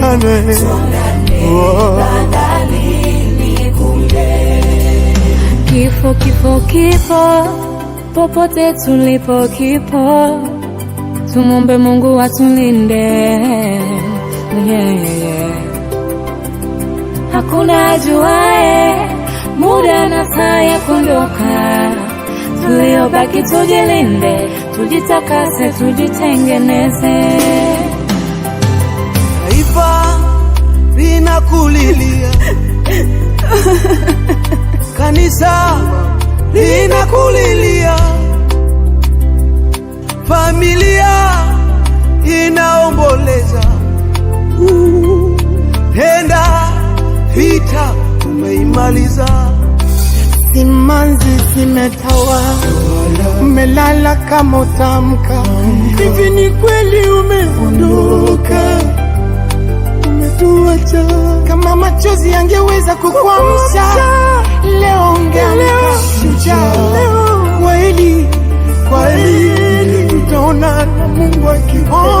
tungane, Kifo, kifo, kifo, popote tulipo kipo, tumombe Mungu atulinde, yeah. Hakuna ajuae muda na saa ya kuondoka, tuliobaki tujilinde, tujitakase, tujitengeneze kulilia. kanisa kulilia, familia inaomboleza. Henda vita tumeimaliza, simanzi zimetawa, umelala kama utamka. Hivi ni kweli umeondoka, umetuacha kama machozi yangeweza kukwamsha leo ungeamka shujaa. Kweli kweli tutaonana, Mungu akiona